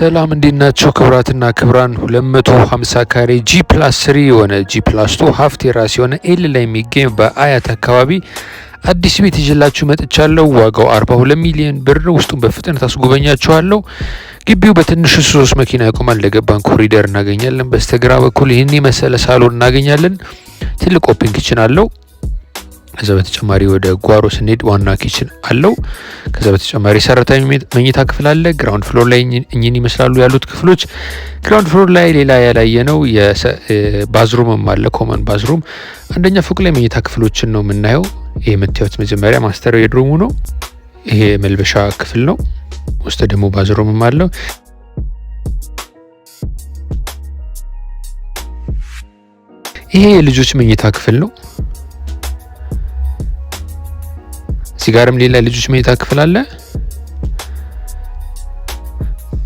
ሰላም እንዴት ናቸው? ክብራትና ክብራን 250 ካሬ ጂ ፕላስ 3 የሆነ ጂ ፕላስ 2 ሀፍት የራስ የሆነ ኤል ላይ የሚገኝ በአያት አካባቢ አዲስ ቤት ይዤላችሁ መጥቻለሁ። ዋጋው 42 ሚሊዮን ብር፣ ውስጡን በፍጥነት አስጎበኛችኋለሁ። ግቢው በትንሹ ሶስት መኪና ያቆማል። ለገባን ኮሪደር እናገኛለን። በስተግራ በኩል ይህን የመሰለ ሳሎን እናገኛለን። ትልቅ ኦፕን ኪችን አለው። ከዛ በተጨማሪ ወደ ጓሮ ስንሄድ ዋና ኪችን አለው። ከዛ በተጨማሪ የሰራተኛ መኝታ ክፍል አለ። ግራውንድ ፍሎር ላይ እኝን ይመስላሉ ያሉት ክፍሎች። ግራውንድ ፍሎር ላይ ሌላ ያላየ ነው ባዝሩምም አለ፣ ኮመን ባዝሩም። አንደኛ ፎቅ ላይ መኝታ ክፍሎችን ነው የምናየው። ይህ የምታዩት መጀመሪያ ማስተር ቤድሩሙ ነው። ይሄ መልበሻ ክፍል ነው። ውስጥ ደግሞ ባዝሩምም አለው። ይሄ የልጆች መኝታ ክፍል ነው። እዚህ ጋርም ሌላ ልጆች መኝታ ክፍል አለ።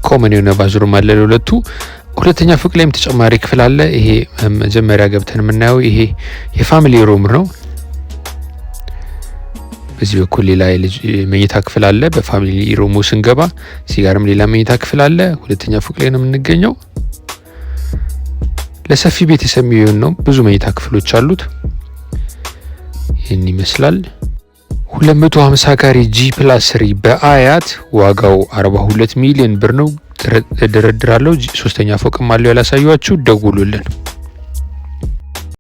ኮመን የሆነ ባዙርም አለ ለሁለቱ። ሁለተኛ ፎቅ ላይም ተጨማሪ ክፍል አለ። ይሄ መጀመሪያ ገብተን የምናየው ይሄ የፋሚሊ ሮም ነው። በዚህ በኩል ሌላ መኝታ ክፍል አለ። በፋሚሊ ሮሙ ስንገባ እዚህ ጋርም ሌላ መኝታ ክፍል አለ። ሁለተኛ ፎቅ ላይ ነው የምንገኘው። ለሰፊ ቤተሰብ የሚሆን ነው። ብዙ መኝታ ክፍሎች አሉት። ይህን ይመስላል። 250 ካሬ ጂ ፕላስ 3 በአያት ዋጋው 42 ሚሊዮን ብር ነው። ድርድራለው። ሶስተኛ ፎቅም አለው ያላሳያችሁ፣ ደውሉልን።